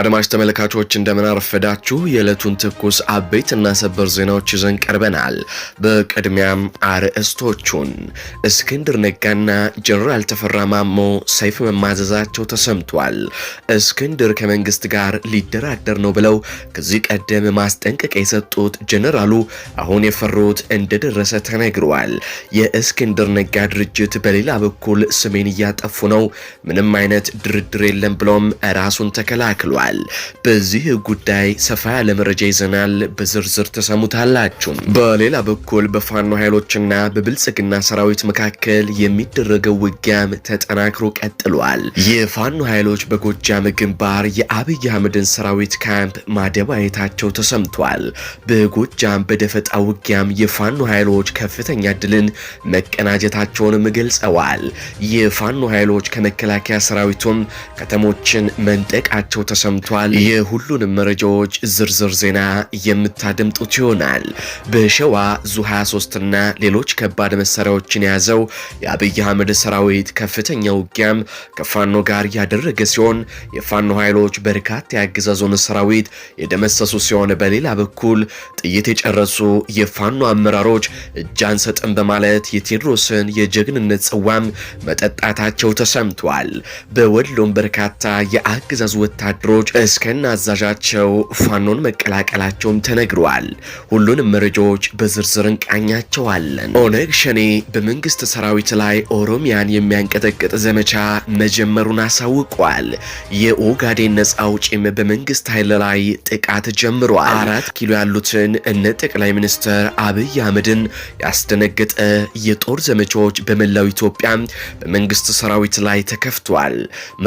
አድማጭ ተመልካቾች እንደምን አረፈዳችሁ። የዕለቱን ትኩስ አበይት እና ሰበር ዜናዎች ይዘን ቀርበናል። በቅድሚያም አርዕስቶቹን እስክንድር ነጋና ጀነራል ተፈራ ማሞ ሰይፍ መማዘዛቸው ተሰምቷል። እስክንድር ከመንግስት ጋር ሊደራደር ነው ብለው ከዚህ ቀደም ማስጠንቀቂያ የሰጡት ጀነራሉ አሁን የፈሩት እንደደረሰ ተነግሯል። የእስክንድር ነጋ ድርጅት በሌላ በኩል ስሜን እያጠፉ ነው፣ ምንም አይነት ድርድር የለም ብሎም ራሱን ተከላክሏል። ተናግረዋል። በዚህ ጉዳይ ሰፋ ያለ መረጃ ይዘናል፣ በዝርዝር ተሰሙታላችሁ። በሌላ በኩል በፋኖ ኃይሎችና በብልጽግና ሰራዊት መካከል የሚደረገው ውጊያም ተጠናክሮ ቀጥሏል። የፋኖ ኃይሎች በጎጃም ግንባር የአብይ አህመድን ሰራዊት ካምፕ ማደባየታቸው ተሰምቷል። በጎጃም በደፈጣ ውጊያም የፋኖ ኃይሎች ከፍተኛ ድልን መቀናጀታቸውንም ገልጸዋል። የፋኖ ኃይሎች ከመከላከያ ሰራዊቱም ከተሞችን መንጠቃቸው ተሰምቷል። ተሰምቷል። የሁሉንም መረጃዎች ዝርዝር ዜና የምታደምጡት ይሆናል። በሸዋ ዙ 23ና ሌሎች ከባድ መሳሪያዎችን የያዘው የአብይ አህመድ ሰራዊት ከፍተኛ ውጊያም ከፋኖ ጋር ያደረገ ሲሆን የፋኖ ኃይሎች በርካታ የአገዛዙን ሰራዊት የደመሰሱ ሲሆን በሌላ በኩል ጥይት የጨረሱ የፋኖ አመራሮች እጅ አንሰጥም በማለት የቴዎድሮስን የጀግንነት ጽዋም መጠጣታቸው ተሰምቷል። በወሎም በርካታ የአገዛዙ ወታደሮች ኃይሎች እስከነ አዛዣቸው ፋኖን መቀላቀላቸውም ተነግሯል። ሁሉንም መረጃዎች በዝርዝር እንቃኛቸዋለን። ኦነግ ሸኔ በመንግስት ሰራዊት ላይ ኦሮሚያን የሚያንቀጠቅጥ ዘመቻ መጀመሩን አሳውቋል። የኦጋዴን ነጻ አውጪም በመንግስት ኃይል ላይ ጥቃት ጀምሯል። አራት ኪሎ ያሉትን እነ ጠቅላይ ሚኒስትር አብይ አህመድን ያስደነገጠ የጦር ዘመቻዎች በመላው ኢትዮጵያ በመንግስት ሰራዊት ላይ ተከፍቷል።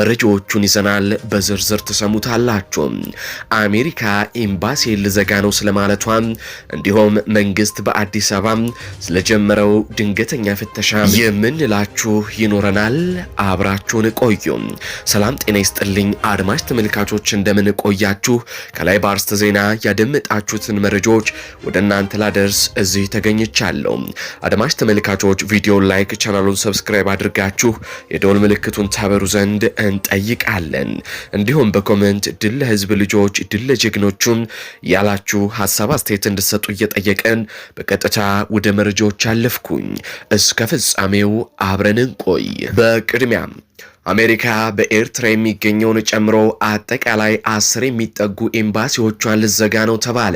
መረጃዎቹን ይዘናል፣ በዝርዝር ተሰሙ ታላችሁ። አሜሪካ ኤምባሲ ልዘጋ ነው ስለማለቷ፣ እንዲሁም መንግስት በአዲስ አበባ ስለጀመረው ድንገተኛ ፍተሻ የምንላችሁ ይኖረናል። አብራችሁን ቆዩ። ሰላም ጤና ይስጥልኝ አድማጭ ተመልካቾች፣ እንደምን ቆያችሁ? ከላይ በአርስተ ዜና ያደመጣችሁትን መረጃዎች ወደ እናንተ ላደርስ እዚህ ተገኝቻለሁ። አድማጭ ተመልካቾች ቪዲዮን ላይክ፣ ቻናሉን ሰብስክራይብ አድርጋችሁ የደወል ምልክቱን ታበሩ ዘንድ እንጠይቃለን። እንዲሁም በኮሜንት ሳምንት ድል ለህዝብ ልጆች፣ ድል ለጀግኖቹም ያላችሁ ሀሳብ አስተያየት እንድሰጡ እየጠየቀን በቀጥታ ወደ መረጃዎች አለፍኩኝ። እስከ ፍጻሜው አብረን እንቆይ። በቅድሚያ አሜሪካ በኤርትራ የሚገኘውን ጨምሮ አጠቃላይ አስር የሚጠጉ ኤምባሲዎቿን ልዘጋ ነው ተባለ።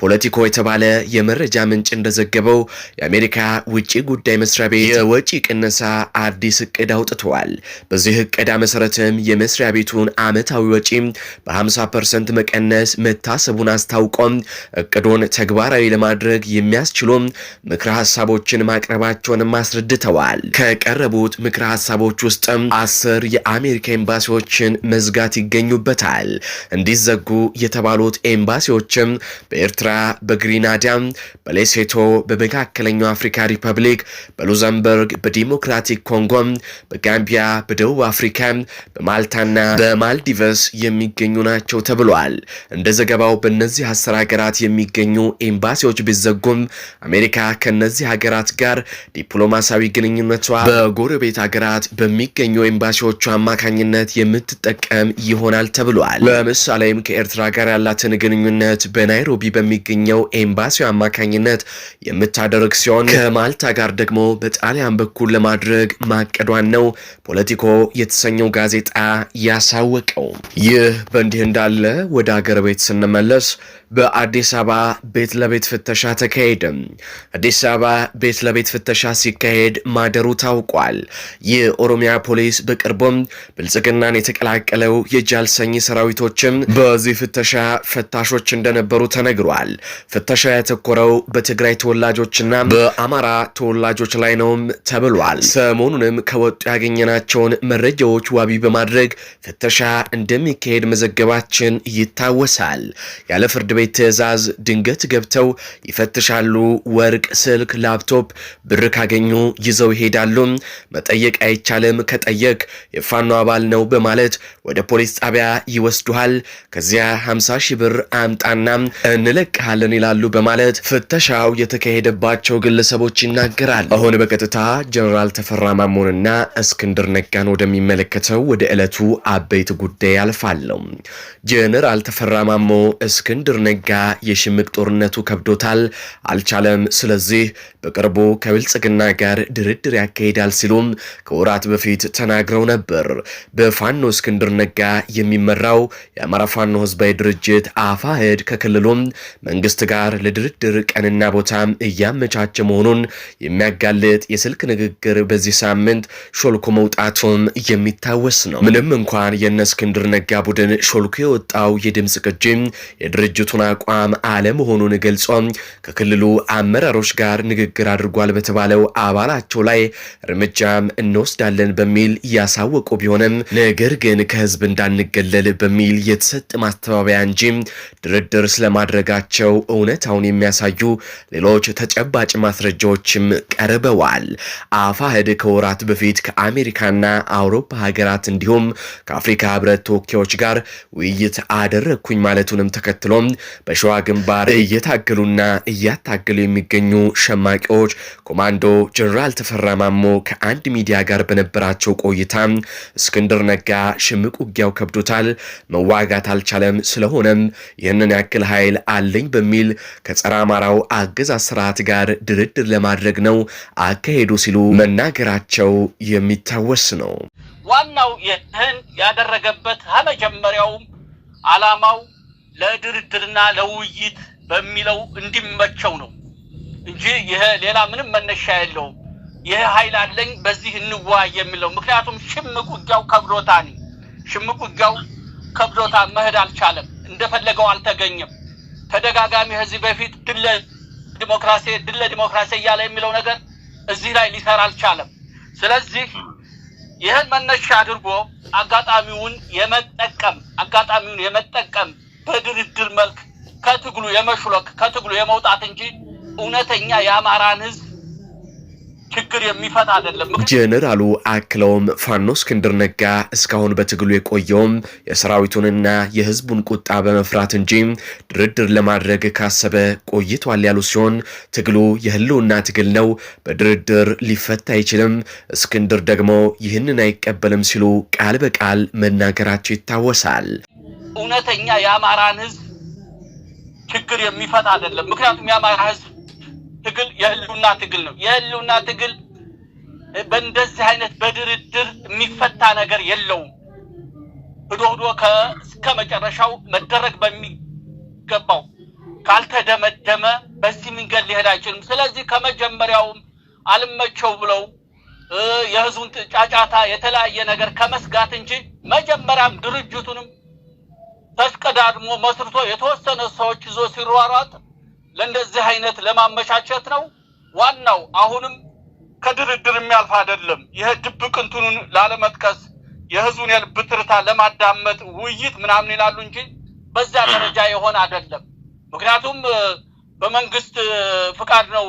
ፖለቲኮ የተባለ የመረጃ ምንጭ እንደዘገበው የአሜሪካ ውጭ ጉዳይ መስሪያ ቤት የወጪ ቅነሳ አዲስ እቅድ አውጥተዋል። በዚህ እቅዳ መሰረትም የመስሪያ ቤቱን አመታዊ ወጪ በ50 ፐርሰንት መቀነስ መታሰቡን አስታውቆም እቅዱን ተግባራዊ ለማድረግ የሚያስችሉም ምክረ ሀሳቦችን ማቅረባቸውንም አስረድተዋል። ከቀረቡት ምክረ ሀሳቦች ውስጥም አስር የአሜሪካ ኤምባሲዎችን መዝጋት ይገኙበታል። እንዲዘጉ የተባሉት ኤምባሲዎችም በኤርትራ፣ በግሪናዳ፣ በሌሴቶ፣ በመካከለኛው አፍሪካ ሪፐብሊክ፣ በሉዘምበርግ፣ በዲሞክራቲክ ኮንጎም፣ በጋምቢያ፣ በደቡብ አፍሪካ፣ በማልታና በማልዲቨስ የሚገኙ ናቸው ተብሏል። እንደ ዘገባው በእነዚህ አስር ሀገራት የሚገኙ ኤምባሲዎች ቢዘጉም አሜሪካ ከእነዚህ ሀገራት ጋር ዲፕሎማሲያዊ ግንኙነቷ በጎረቤት ሀገራት በሚገኙ ኤምባሲዎቹ አማካኝነት የምትጠቀም ይሆናል ተብሏል። ለምሳሌም ከኤርትራ ጋር ያላትን ግንኙነት በናይሮቢ በሚገኘው ኤምባሲ አማካኝነት የምታደርግ ሲሆን ከማልታ ጋር ደግሞ በጣሊያን በኩል ለማድረግ ማቀዷን ነው ፖለቲኮ የተሰኘው ጋዜጣ ያሳወቀው። ይህ በእንዲህ እንዳለ ወደ አገር ቤት ስንመለስ በአዲስ አበባ ቤት ለቤት ፍተሻ ተካሄደ። አዲስ አበባ ቤት ለቤት ፍተሻ ሲካሄድ ማደሩ ታውቋል። የኦሮሚያ ፖሊስ በቅርቡም ብልጽግናን የተቀላቀለው የጃልሰኝ ሰራዊቶችም በዚህ ፍተሻ ፈታሾች እንደነበሩ ተነግሯል። ፍተሻ ያተኮረው በትግራይ ተወላጆችና በአማራ ተወላጆች ላይ ነውም ተብሏል። ሰሞኑንም ከወጡ ያገኘናቸውን መረጃዎች ዋቢ በማድረግ ፍተሻ እንደሚካሄድ መዘገባችን ይታወሳል። ያለ ፍርድ ቤት ትዕዛዝ ድንገት ገብተው ይፈትሻሉ። ወርቅ፣ ስልክ፣ ላፕቶፕ፣ ብር ካገኙ ይዘው ይሄዳሉ። መጠየቅ አይቻልም፣ ከጠየቅ የፋኖ አባል ነው በማለት ወደ ፖሊስ ጣቢያ ይወስዱሃል። ከዚያ 50 ሺህ ብር አምጣና እንለቅሃለን ይላሉ በማለት ፍተሻው የተካሄደባቸው ግለሰቦች ይናገራል። አሁን በቀጥታ ጀነራል ተፈራ ማሞንና እስክንድር ነጋን ወደሚመለከተው ወደ ዕለቱ አበይት ጉዳይ አልፋለሁ። ጀነራል ተፈራ ማሞ እስክንድር ነጋ የሽምቅ ጦርነቱ ከብዶታል፣ አልቻለም። ስለዚህ በቅርቡ ከብልጽግና ጋር ድርድር ያካሂዳል ሲሉም ከወራት በፊት ተናግረው ነበር። በፋኖ እስክንድር ነጋ የሚመራው የአማራ ፋኖ ህዝባዊ ድርጅት አፋህድ ከክልሉም መንግስት ጋር ለድርድር ቀንና ቦታም እያመቻቸ መሆኑን የሚያጋልጥ የስልክ ንግግር በዚህ ሳምንት ሾልኮ መውጣቱም የሚታወስ ነው። ምንም እንኳን የነ እስክንድር ነጋ ቡድን ሾልኮ የወጣው የድምፅ ቅጂም የድርጅቱ የመንግስቱን አቋም አለመሆኑን ገልጾ ከክልሉ አመራሮች ጋር ንግግር አድርጓል በተባለው አባላቸው ላይ እርምጃም እንወስዳለን በሚል እያሳወቁ ቢሆንም ነገር ግን ከህዝብ እንዳንገለል በሚል የተሰጠ ማስተባበያ እንጂ ድርድር ስለማድረጋቸው እውነታውን የሚያሳዩ ሌሎች ተጨባጭ ማስረጃዎችም ቀርበዋል። አፋህድ ከወራት በፊት ከአሜሪካና አውሮፓ ሀገራት እንዲሁም ከአፍሪካ ህብረት ተወካዮች ጋር ውይይት አደረግኩኝ ማለቱንም ተከትሎም በሸዋ ግንባር እየታገሉና እያታገሉ የሚገኙ ሸማቂዎች ኮማንዶ ጀኔራል ተፈራ ማሞ ከአንድ ሚዲያ ጋር በነበራቸው ቆይታ እስክንድር ነጋ ሽምቅ ውጊያው ከብዶታል፣ መዋጋት አልቻለም፣ ስለሆነም ይህንን ያክል ኃይል አለኝ በሚል ከጸረ አማራው አገዛዝ ስርዓት ጋር ድርድር ለማድረግ ነው አካሄዱ ሲሉ መናገራቸው የሚታወስ ነው። ዋናው ይህን ያደረገበት ከመጀመሪያውም አላማው ለድርድርና ለውይይት በሚለው እንዲመቸው ነው እንጂ ይሄ ሌላ ምንም መነሻ የለውም። ይህ ኃይል አለኝ በዚህ እንዋይ የሚለው ምክንያቱም ሽምቅ ውጊያው ከብዶታል። ሽምቅ ውጊያው ከብዶታ መሄድ አልቻለም። እንደፈለገው አልተገኘም። ተደጋጋሚ ከዚህ በፊት ድለ ዲሞክራሲ ድለ ዲሞክራሲ እያለ የሚለው ነገር እዚህ ላይ ሊሰራ አልቻለም። ስለዚህ ይህን መነሻ አድርጎ አጋጣሚውን የመጠቀም አጋጣሚውን የመጠቀም በድርድር መልክ ከትግሉ የመሽሎክ ከትግሉ የመውጣት እንጂ እውነተኛ የአማራን ህዝብ ችግር የሚፈታ አይደለም። ጀነራሉ አክለውም ፋኖ እስክንድር ነጋ እስካሁን በትግሉ የቆየውም የሰራዊቱንና የህዝቡን ቁጣ በመፍራት እንጂ ድርድር ለማድረግ ካሰበ ቆይቷል ያሉ ሲሆን ትግሉ የህልውና ትግል ነው፣ በድርድር ሊፈታ አይችልም፣ እስክንድር ደግሞ ይህንን አይቀበልም ሲሉ ቃል በቃል መናገራቸው ይታወሳል። እውነተኛ የአማራን ህዝብ ችግር የሚፈታ አይደለም። ምክንያቱም የአማራ ህዝብ ትግል የህልውና ትግል ነው። የህልውና ትግል በእንደዚህ አይነት በድርድር የሚፈታ ነገር የለውም። ህዶ ህዶ እስከ መጨረሻው መደረግ በሚገባው ካልተደመደመ በዚህ መንገድ ሊሄድ አይችልም። ስለዚህ ከመጀመሪያውም አልመቸው ብለው የህዝቡን ጫጫታ የተለያየ ነገር ከመስጋት እንጂ መጀመሪያም ድርጅቱንም ተሽቀዳድሞ መስርቶ የተወሰነ ሰዎች ይዞ ሲሯሯጥ ለእንደዚህ አይነት ለማመቻቸት ነው። ዋናው አሁንም ከድርድር የሚያልፍ አይደለም። ይህ ድብቅ እንትኑን ላለመጥቀስ የህዝቡን የልብ ትርታ ለማዳመጥ ውይይት ምናምን ይላሉ እንጂ በዛ ደረጃ የሆነ አይደለም። ምክንያቱም በመንግስት ፍቃድ ነው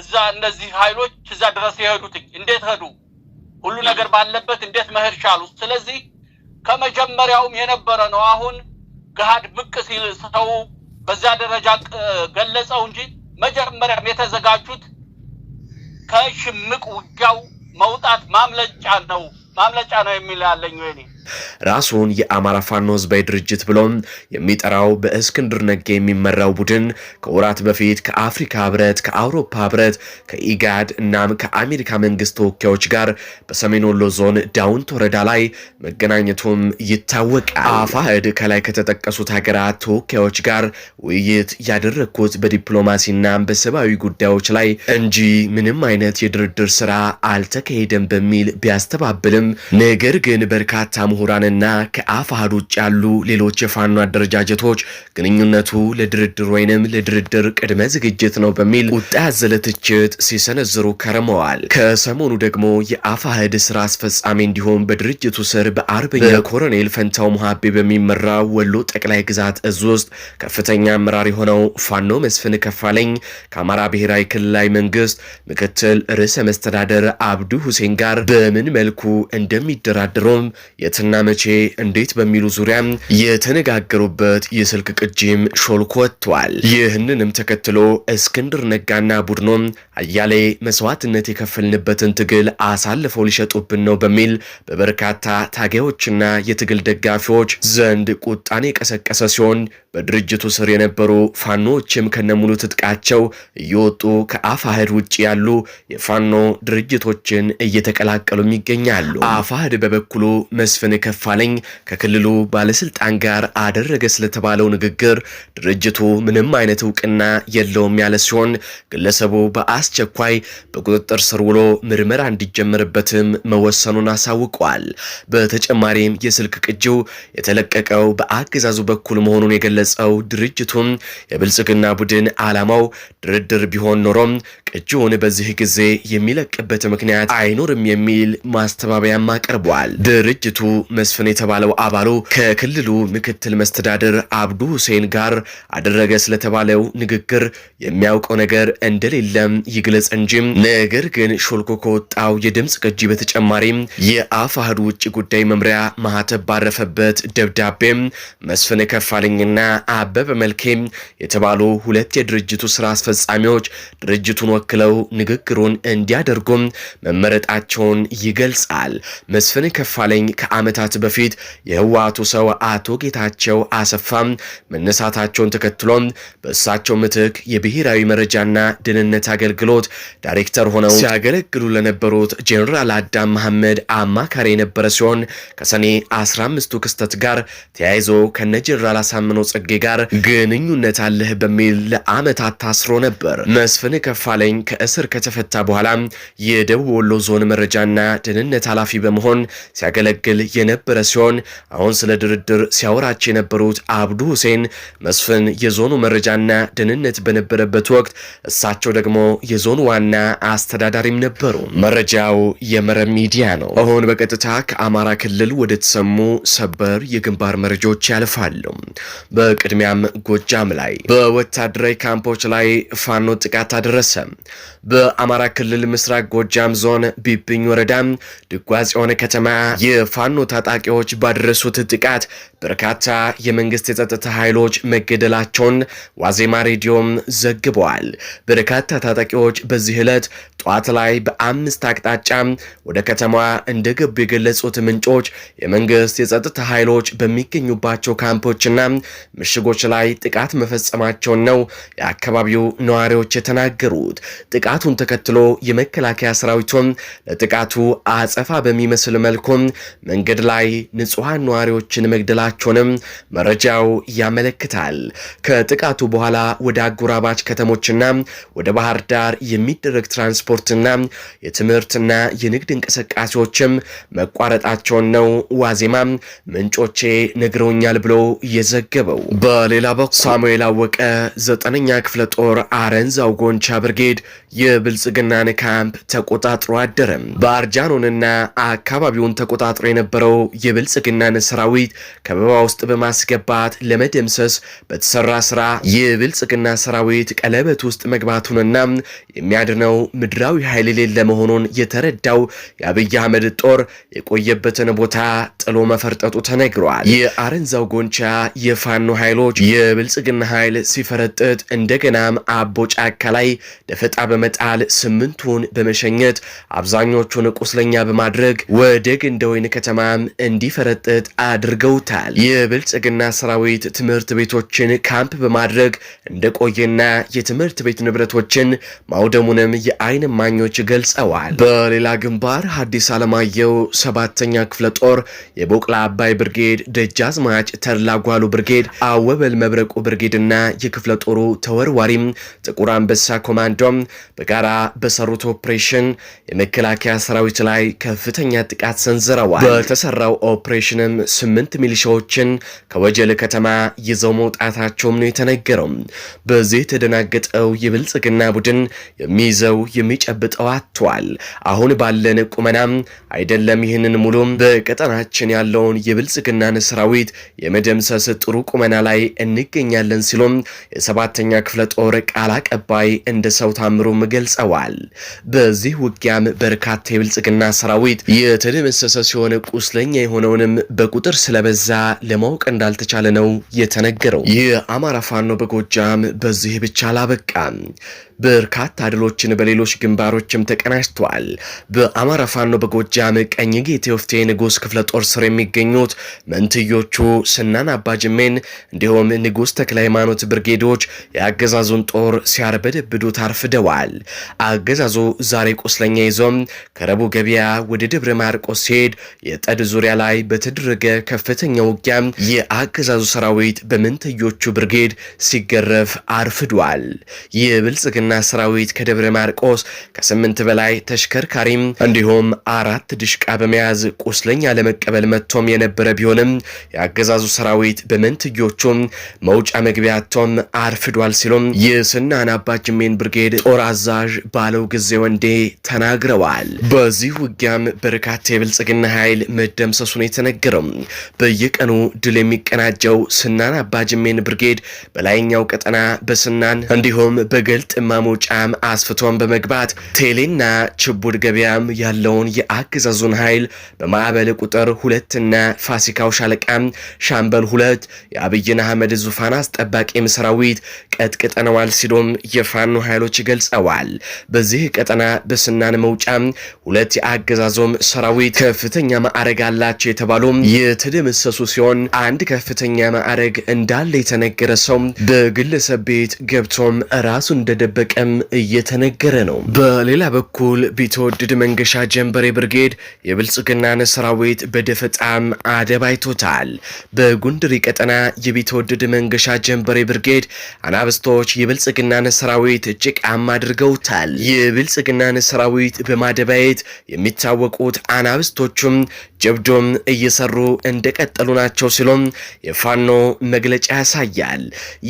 እዛ እነዚህ ኃይሎች እዛ ድረስ የሄዱት። እንዴት ሄዱ? ሁሉ ነገር ባለበት እንዴት መሄድ ቻሉ? ስለዚህ ከመጀመሪያውም የነበረ ነው አሁን ገሃድ ብቅ ሲል ሰው በዛ ደረጃ ገለጸው እንጂ መጀመሪያም የተዘጋጁት ከሽምቅ ውጊያው መውጣት ማምለጫ ነው ማምለጫ ነው የሚል ያለኝ ወይኔ ራሱን የአማራ ፋኖ ህዝባዊ ድርጅት ብሎ የሚጠራው በእስክንድር ነጋ የሚመራው ቡድን ከወራት በፊት ከአፍሪካ ህብረት፣ ከአውሮፓ ህብረት፣ ከኢጋድ እናም ከአሜሪካ መንግስት ተወካዮች ጋር በሰሜን ወሎ ዞን ዳውንት ወረዳ ላይ መገናኘቱም ይታወቃል። አፋህድ ከላይ ከተጠቀሱት ሀገራት ተወካዮች ጋር ውይይት ያደረግኩት በዲፕሎማሲና በሰብአዊ ጉዳዮች ላይ እንጂ ምንም አይነት የድርድር ስራ አልተካሄደም በሚል ቢያስተባብልም ነገር ግን በርካታ ምሁራንና ከአፍ ውጭ ያሉ ሌሎች የፋኖ አደረጃጀቶች ግንኙነቱ ለድርድር ወይንም ለድርድር ቅድመ ዝግጅት ነው በሚል ውጣ ያዘለ ትችት ሲሰነዝሩ ከርመዋል። ከሰሞኑ ደግሞ የአፋህድ ስራ አስፈጻሚ እንዲሁም በድርጅቱ ስር በአርበኛ ኮሎኔል ፈንታው መሀቤ በሚመራው ወሎ ጠቅላይ ግዛት እዝ ውስጥ ከፍተኛ አመራር የሆነው ፋኖ መስፍን ከፋለኝ ከአማራ ብሔራዊ ክልላዊ መንግስት ምክትል ርዕሰ መስተዳደር አብዱ ሁሴን ጋር በምን መልኩ እንደሚደራደሩም የተ የትና መቼ እንዴት በሚሉ ዙሪያ የተነጋገሩበት የስልክ ቅጂም ሾልኮ ወጥቷል። ይህንንም ተከትሎ እስክንድር ነጋና ቡድኖም አያሌ መስዋዕትነት የከፈልንበትን ትግል አሳልፈው ሊሸጡብን ነው በሚል በበርካታ ታጋዮችና የትግል ደጋፊዎች ዘንድ ቁጣን የቀሰቀሰ ሲሆን በድርጅቱ ስር የነበሩ ፋኖዎችም ከነሙሉ ትጥቃቸው እየወጡ ከአፋህድ ውጭ ያሉ የፋኖ ድርጅቶችን እየተቀላቀሉም ይገኛሉ። አፋህድ በበኩሉ መስፍን ዘመነ ከፋለኝ ከክልሉ ባለስልጣን ጋር አደረገ ስለተባለው ንግግር ድርጅቱ ምንም አይነት እውቅና የለውም ያለ ሲሆን ግለሰቡ በአስቸኳይ በቁጥጥር ስር ውሎ ምርመራ እንዲጀመርበትም መወሰኑን አሳውቋል። በተጨማሪም የስልክ ቅጂው የተለቀቀው በአገዛዙ በኩል መሆኑን የገለጸው ድርጅቱም የብልጽግና ቡድን ዓላማው ድርድር ቢሆን ኖሮም ቅጂውን በዚህ ጊዜ የሚለቅበት ምክንያት አይኖርም የሚል ማስተባበያም አቅርቧል። ድርጅቱ መስፍን የተባለው አባሉ ከክልሉ ምክትል መስተዳደር አብዱ ሁሴን ጋር አደረገ ስለተባለው ንግግር የሚያውቀው ነገር እንደሌለም ይግለጽ እንጂ ነገር ግን ሾልኮ ከወጣው የድምፅ ቅጂ በተጨማሪም የአፋህዱ ውጭ ጉዳይ መምሪያ ማህተብ ባረፈበት ደብዳቤም መስፍን ከፋልኝና አበበ መልኬም የተባሉ ሁለት የድርጅቱ ስራ አስፈጻሚዎች ድርጅቱን ወክለው ንግግሩን እንዲያደርጉም መመረጣቸውን ይገልጻል። መስፍን ከፋለኝ ከአመ ዓመታት በፊት የህወሓቱ ሰው አቶ ጌታቸው አሰፋ መነሳታቸውን ተከትሎም በእሳቸው ምትክ የብሔራዊ መረጃና ደህንነት አገልግሎት ዳይሬክተር ሆነው ሲያገለግሉ ለነበሩት ጄኔራል አዳም መሐመድ አማካሪ የነበረ ሲሆን ከሰኔ 15ቱ ክስተት ጋር ተያይዞ ከነ ጄኔራል አሳምነው ጽጌ ጋር ግንኙነት አለህ በሚል ለዓመታት ታስሮ ነበር። መስፍን ከፋለኝ ከእስር ከተፈታ በኋላ የደቡብ ወሎ ዞን መረጃና ደህንነት ኃላፊ በመሆን ሲያገለግል የነበረ ሲሆን አሁን ስለ ድርድር ሲያወራቸው የነበሩት አብዱ ሁሴን መስፍን የዞኑ መረጃና ደህንነት በነበረበት ወቅት እሳቸው ደግሞ የዞኑ ዋና አስተዳዳሪም ነበሩ። መረጃው የመረብ ሚዲያ ነው። አሁን በቀጥታ ከአማራ ክልል ወደ ተሰሙ ሰበር የግንባር መረጃዎች ያልፋሉ። በቅድሚያም ጎጃም ላይ በወታደራዊ ካምፖች ላይ ፋኖ ጥቃት አደረሰ። በአማራ ክልል ምስራቅ ጎጃም ዞን ቢብኝ ወረዳ ድጓዝ የሆነ ከተማ የፋኖ ታጣቂዎች ባደረሱት ጥቃት በርካታ የመንግስት የጸጥታ ኃይሎች መገደላቸውን ዋዜማ ሬዲዮም ዘግበዋል። በርካታ ታጣቂዎች በዚህ ዕለት ጠዋት ላይ በአምስት አቅጣጫ ወደ ከተማዋ እንደገቡ የገለጹት ምንጮች የመንግስት የጸጥታ ኃይሎች በሚገኙባቸው ካምፖችና ምሽጎች ላይ ጥቃት መፈጸማቸውን ነው የአካባቢው ነዋሪዎች የተናገሩት። ጥቃቱን ተከትሎ የመከላከያ ሰራዊቱም ለጥቃቱ አጸፋ በሚመስል መልኩም መንገድ መንገድ ላይ ንጹሐን ነዋሪዎችን መግደላቸውንም መረጃው ያመለክታል። ከጥቃቱ በኋላ ወደ አጎራባች ከተሞችና ወደ ባህር ዳር የሚደረግ ትራንስፖርትና የትምህርትና የንግድ እንቅስቃሴዎችም መቋረጣቸውን ነው ዋዜማ ምንጮቼ ነግረውኛል ብሎ የዘገበው። በሌላ በኩል ሳሙኤል አወቀ ዘጠነኛ ክፍለ ጦር አረንዛው ጎንቻ ብርጌድ የብልጽግናን ካምፕ ተቆጣጥሮ አደረም። በአርጃኖንና አካባቢውን ተቆጣጥሮ የነበረው የነበረው የብልጽግናን ሰራዊት ከበባ ውስጥ በማስገባት ለመደምሰስ በተሰራ ስራ የብልጽግና ሰራዊት ቀለበት ውስጥ መግባቱንና የሚያድነው ምድራዊ ኃይል የሌለ መሆኑን የተረዳው የአብይ አህመድ ጦር የቆየበትን ቦታ ጥሎ መፈርጠጡ ተነግሯል። የአረንዛው ጎንቻ የፋኖ ኃይሎች የብልጽግና ኃይል ሲፈረጥጥ እንደገናም አቦ ጫካ ላይ ደፈጣ በመጣል ስምንቱን በመሸኘት አብዛኞቹን ቁስለኛ በማድረግ ወደ ግንደ ወይን ከተማ በጣም እንዲፈረጥጥ አድርገውታል። የብልጽግና ሰራዊት ትምህርት ቤቶችን ካምፕ በማድረግ እንደቆየና የትምህርት ቤት ንብረቶችን ማውደሙንም የአይን ማኞች ገልጸዋል። በሌላ ግንባር ሐዲስ ዓለማየሁ ሰባተኛ ክፍለ ጦር የቦቅላ አባይ ብርጌድ፣ ደጃዝማች ተላጓሉ ብርጌድ፣ አወበል መብረቁ ብርጌድና የክፍለ ጦሩ ተወርዋሪም ጥቁር አንበሳ ኮማንዶም በጋራ በሰሩት ኦፕሬሽን የመከላከያ ሰራዊት ላይ ከፍተኛ ጥቃት ሰንዝረዋል። የተሰራው ኦፕሬሽንም ስምንት ሚሊሻዎችን ከወጀል ከተማ ይዘው መውጣታቸውም ነው የተነገረው። በዚህ የተደናገጠው የብልጽግና ቡድን የሚይዘው የሚጨብጠው አጥቷል። አሁን ባለን ቁመናም አይደለም ይህንን ሙሉም በቀጠናችን ያለውን የብልጽግናን ሰራዊት የመደምሰስ ጥሩ ቁመና ላይ እንገኛለን ሲሉም የሰባተኛ ክፍለ ጦር ቃል አቀባይ እንደ ሰው ታምሩም ገልጸዋል። በዚህ ውጊያም በርካታ የብልጽግና ሰራዊት የተደመሰሰ ሲሆን ቁስ ቁስለኛ የሆነውንም በቁጥር ስለበዛ ለማወቅ እንዳልተቻለ ነው የተነገረው። ይህ አማራ ፋኖ በጎጃም በዚህ ብቻ አላበቃም። በርካታ ድሎችን በሌሎች ግንባሮችም ተቀናጅተዋል። በአማራ ፋኖ በጎጃም ቀኝ ጌቴ ወፍቴ ንጉስ ክፍለ ጦር ስር የሚገኙት መንትዮቹ ስናን አባጅሜን እንዲሁም ንጉስ ተክለ ሃይማኖት ብርጌዶች የአገዛዙን ጦር ሲያርበደብዱ ታርፍደዋል። አገዛዙ ዛሬ ቁስለኛ ይዞም ከረቡ ገበያ ወደ ደብረ ማርቆስ ሲሄድ የጠድ ዙሪያ ላይ በተደረገ ከፍተኛ ውጊያ የአገዛዙ ሰራዊት በመንትዮቹ ብርጌድ ሲገረፍ አርፍዷል። የብልጽግና ዋና ሰራዊት ከደብረ ማርቆስ ከስምንት በላይ ተሽከርካሪም እንዲሁም አራት ድሽቃ በመያዝ ቁስለኛ ለመቀበል መጥቶም የነበረ ቢሆንም የአገዛዙ ሰራዊት በመንትዮቹም መውጫ መግቢያቶም አርፍዷል ሲሉም የስናን አባጅሜን ብርጌድ ጦር አዛዥ ባለው ጊዜ ወንዴ ተናግረዋል። በዚህ ውጊያም በርካታ የብልጽግና ኃይል መደምሰሱን የተነገረው በየቀኑ ድል የሚቀናጀው ስናን አባጅሜን ብርጌድ በላይኛው ቀጠና በስናን እንዲሁም በገልጥማ መውጫም አስፍቶን በመግባት ቴሌና ችቡድ ገበያም ያለውን የአገዛዙን ኃይል በማዕበል ቁጥር ሁለትና ፋሲካው ሻለቃም ሻምበል ሁለት የአብይን አህመድ ዙፋን አስጠባቂም ሰራዊት ቀጥቅጠነዋል ሲሉም የፋኖ ኃይሎች ገልጸዋል። በዚህ ቀጠና በስናን መውጫም ሁለት የአገዛዞም ሰራዊት ከፍተኛ ማዕረግ አላቸው የተባሉ የተደመሰሱ ሲሆን አንድ ከፍተኛ ማዕረግ እንዳለ የተነገረ ሰው በግለሰብ ቤት ገብቶም ራሱ እንደደበቀ እንደወደቀም እየተነገረ ነው። በሌላ በኩል ቢትወደድ መንገሻ ጀንበሬ ብርጌድ የብልጽግናን ሰራዊት በደፈጣም አደባይቶታል። በጉንድሪ ቀጠና የቢትወደድ መንገሻ ጀንበሬ ብርጌድ አናብስቶች የብልጽግናን ሰራዊት ጭቃም አድርገውታል። የብልጽግናን ሰራዊት በማደባየት የሚታወቁት አናብስቶቹም ጀብዶም እየሰሩ እንደቀጠሉ ናቸው ሲሎም የፋኖ መግለጫ ያሳያል።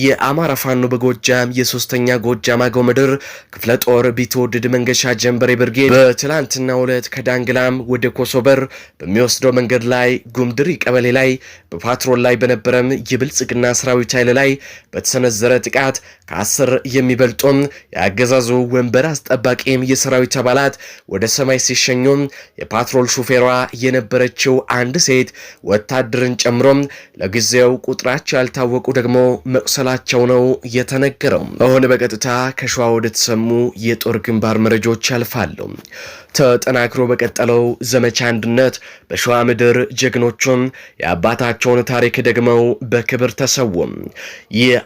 የአማራ ፋኖ በጎጃም የሶስተኛ ጎጃም አገው ምድር ክፍለ ጦር ቢትወደድ መንገሻ ጀንበሬ ብርጌድ በትላንትናው ዕለት ከዳንግላም ወደ ኮሶበር በሚወስደው መንገድ ላይ ጉምድሪ ቀበሌ ላይ በፓትሮል ላይ በነበረም የብልጽግና ሰራዊት ኃይል ላይ በተሰነዘረ ጥቃት ከአስር የሚበልጡም የአገዛዙ ወንበር አስጠባቂም የሰራዊት አባላት ወደ ሰማይ ሲሸኙም የፓትሮል ሹፌሯ የነበረችው አንድ ሴት ወታደርን ጨምሮም ለጊዜው ቁጥራቸው ያልታወቁ ደግሞ መቁሰላቸው ነው የተነገረው። አሁን በቀጥታ ከሸዋ ወደ ተሰሙ የጦር ግንባር መረጃዎች ያልፋሉ። ተጠናክሮ በቀጠለው ዘመቻ አንድነት በሸዋ ምድር ጀግኖቹም የአባታቸውን ታሪክ ደግመው በክብር ተሰውም።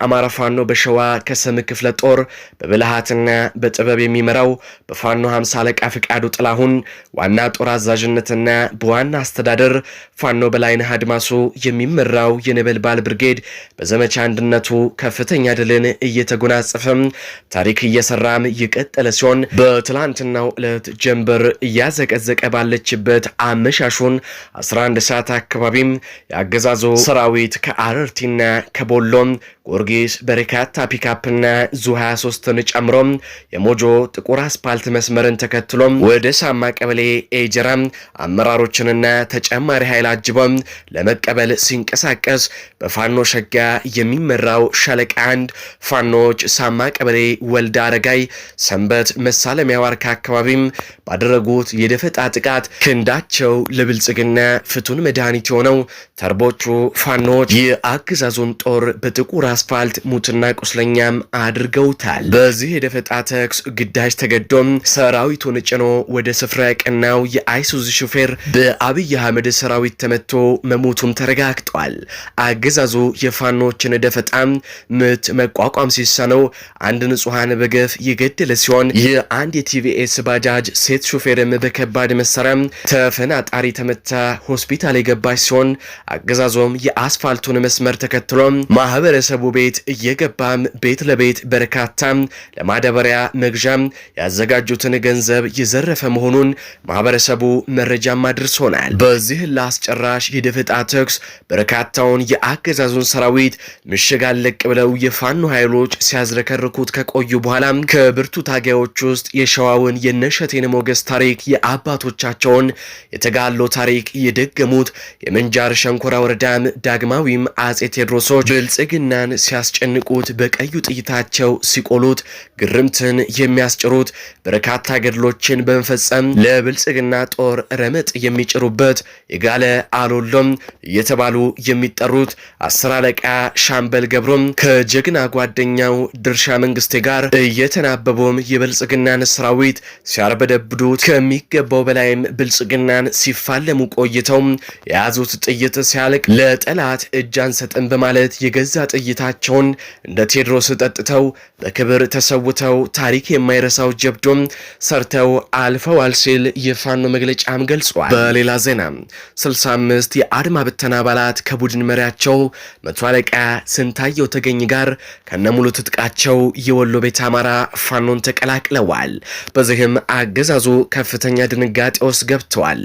አማራ ፋኖ በሸዋ ከሰም ክፍለ ጦር በብልሃትና በጥበብ የሚመራው በፋኖ 50 አለቃ ፍቃዱ ጥላሁን ዋና ጦር አዛዥነትና በዋና አስተዳደር ፋኖ በላይነህ አድማሱ የሚመራው የነበልባል ብርጌድ በዘመቻ አንድነቱ ከፍተኛ ድልን እየተጎናጸፈም ታሪክ ታሪክ እየሰራም የቀጠለ ሲሆን በትላንትናው ዕለት ጀንበር እያዘቀዘቀ ባለችበት አመሻሹን 11 ሰዓት አካባቢም የአገዛዙ ሰራዊት ከአረርቲና ከቦሎም ጊዮርጊስ በርካታ ፒካፕና ዙ 23ን የሞጆ ጥቁር አስፓልት መስመርን ተከትሎ ወደ ሳማ ቀበሌ ኤጀራ አመራሮችንና ተጨማሪ ኃይል አጅቦ ለመቀበል ሲንቀሳቀስ በፋኖ ሸጋ የሚመራው ሻለቃ አንድ ፋኖች ሳማ ቀበሌ ወልደ አረጋይ ሰንበት መሳለሚያ ዋርካ አካባቢም ባደረጉት የደፈጣ ጥቃት ክንዳቸው ለብልጽግና ፍቱን መድኃኒት የሆነው ተርቦቹ ፋኖች የአገዛዙን ጦር በጥቁር አስፋልት ሙትና ቁስለኛም አድርገውታል። በዚህ የደፈጣ ተኩስ ግዳጅ ተገዶም ሰራዊቱን ጭኖ ወደ ስፍራ ያቀናው የአይሱዝ ሹፌር በአብይ አህመድ ሰራዊት ተመቶ መሞቱም ተረጋግጧል። አገዛዙ የፋኖችን ደፈጣም ምት መቋቋም ሲሳነው አንድ ንጹሐን በገፍ የገደለ ሲሆን የአንድ የቲቪኤስ ባጃጅ ሴት ሹፌርም በከባድ መሳሪያም ተፈናጣሪ ተመታ ሆስፒታል የገባች ሲሆን አገዛዞም የአስፋልቱን መስመር ተከትሎም ማህበረሰቡ በህብረተሰቡ ቤት እየገባም ቤት ለቤት በርካታም ለማዳበሪያ መግዣም ያዘጋጁትን ገንዘብ የዘረፈ መሆኑን ማህበረሰቡ መረጃም አድርሶናል። በዚህ ላስጨራሽ የደፈጣ ተኩስ በርካታውን የአገዛዙን ሰራዊት ምሽግ አለቅ ብለው የፋኖ ኃይሎች ሲያዝረከርኩት ከቆዩ በኋላ ከብርቱ ታጋዮች ውስጥ የሸዋውን የነሸቴን ሞገስ ታሪክ የአባቶቻቸውን የተጋሎ ታሪክ የደገሙት የምንጃር ሸንኮራ ወረዳም ዳግማዊም አጼ ቴዎድሮሶች ብልጽግናን ሲያስጨንቁት፣ በቀዩ ጥይታቸው ሲቆሉት፣ ግርምትን የሚያስጭሩት በርካታ ገድሎችን በመፈጸም ለብልጽግና ጦር ረመጥ የሚጭሩበት የጋለ አሎሎም እየተባሉ የሚጠሩት አስር አለቃ ሻምበል ገብሮም ከጀግና ጓደኛው ድርሻ መንግስቴ ጋር እየተናበቡም የብልጽግናን ሰራዊት ሲያርበደብዱት ከሚገባው በላይም ብልጽግናን ሲፋለሙ ቆይተው የያዙት ጥይት ሲያልቅ ለጠላት እጅ አንሰጥም በማለት የገዛ ጥይታ ሕይወታቸውን እንደ ቴዎድሮስ ጠጥተው በክብር ተሰውተው ታሪክ የማይረሳው ጀብዶም ሰርተው አልፈዋል ሲል የፋኖ መግለጫም ገልጿል። በሌላ ዜና 65 የአድማ ብተና አባላት ከቡድን መሪያቸው መቶ አለቃ ስንታየው ተገኝ ጋር ከነሙሉ ትጥቃቸው የወሎ ቤት አማራ ፋኖን ተቀላቅለዋል። በዚህም አገዛዙ ከፍተኛ ድንጋጤ ውስጥ ገብተዋል።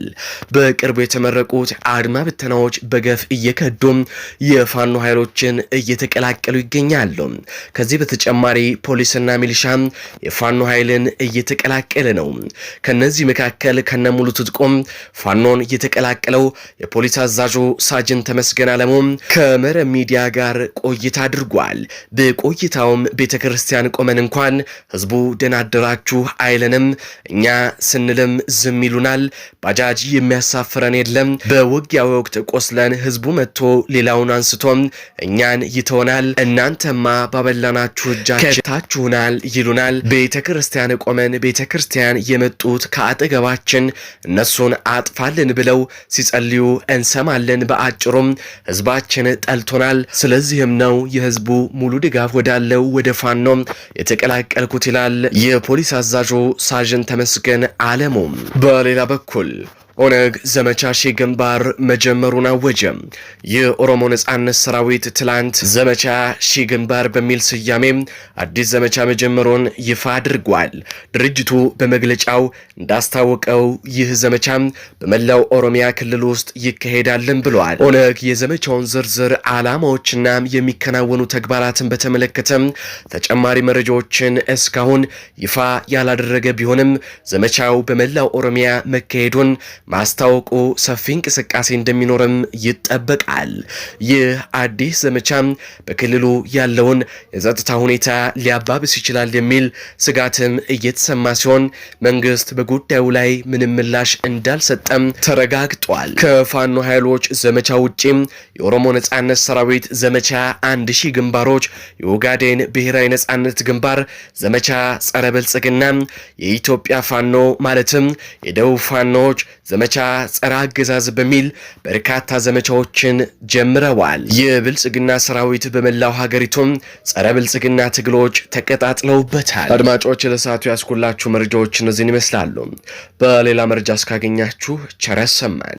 በቅርቡ የተመረቁት አድማ ብተናዎች በገፍ እየከዱም የፋኖ ኃይሎችን እየተቀላ እየተቀላቀሉ ይገኛሉ። ከዚህ በተጨማሪ ፖሊስና ሚሊሻ የፋኖ ኃይልን እየተቀላቀለ ነው። ከነዚህ መካከል ከነሙሉ ትጥቆም ፋኖን እየተቀላቀለው የፖሊስ አዛዡ ሳጅን ተመስገን አለሙ ከመረብ ሚዲያ ጋር ቆይታ አድርጓል። በቆይታውም ቤተ ክርስቲያን ቆመን እንኳን ህዝቡ ደህና አደራችሁ አይለንም፣ እኛ ስንልም ዝም ይሉናል፣ ባጃጅ የሚያሳፍረን የለም፣ በውጊያ ወቅት ቆስለን ህዝቡ መጥቶ ሌላውን አንስቶም እኛን ይተወናል ይሉናል። እናንተማ ባበላናችሁ እጃችን ከታችሁናል ይሉናል። ቤተ ክርስቲያን ቆመን ቤተ ክርስቲያን የመጡት ከአጠገባችን እነሱን አጥፋልን ብለው ሲጸልዩ እንሰማለን። በአጭሩም ህዝባችን ጠልቶናል። ስለዚህም ነው የህዝቡ ሙሉ ድጋፍ ወዳለው ወደ ፋኖ የተቀላቀልኩት ይላል የፖሊስ አዛዡ ሳዥን ተመስገን አለሙ። በሌላ በኩል ኦነግ ዘመቻ ሺህ ግንባር መጀመሩን አወጀ። የኦሮሞ ነጻነት ሰራዊት ትላንት ዘመቻ ሺህ ግንባር በሚል ስያሜ አዲስ ዘመቻ መጀመሩን ይፋ አድርጓል። ድርጅቱ በመግለጫው እንዳስታወቀው ይህ ዘመቻ በመላው ኦሮሚያ ክልል ውስጥ ይካሄዳልን ብሏል። ኦነግ የዘመቻውን ዝርዝር ዓላማዎችና የሚከናወኑ ተግባራትን በተመለከተ ተጨማሪ መረጃዎችን እስካሁን ይፋ ያላደረገ ቢሆንም ዘመቻው በመላው ኦሮሚያ መካሄዱን ማስታወቁ ሰፊ እንቅስቃሴ እንደሚኖርም ይጠበቃል። ይህ አዲስ ዘመቻ በክልሉ ያለውን የጸጥታ ሁኔታ ሊያባብስ ይችላል የሚል ስጋትም እየተሰማ ሲሆን መንግስት በጉዳዩ ላይ ምንም ምላሽ እንዳልሰጠም ተረጋግጧል። ከፋኖ ኃይሎች ዘመቻ ውጪም የኦሮሞ ነጻነት ሰራዊት ዘመቻ አንድ ሺህ ግንባሮች፣ የኦጋዴን ብሔራዊ ነጻነት ግንባር ዘመቻ ጸረ ብልጽግና፣ የኢትዮጵያ ፋኖ ማለትም የደቡብ ፋኖዎች ዘመቻ ጸረ አገዛዝ በሚል በርካታ ዘመቻዎችን ጀምረዋል። የብልጽግና ሰራዊት በመላው ሀገሪቱም ጸረ ብልጽግና ትግሎች ተቀጣጥለውበታል። አድማጮች ለሰዓቱ ያስኩላችሁ መረጃዎች እነዚህን ይመስላሉ። በሌላ መረጃ እስካገኛችሁ ቸር ሰማ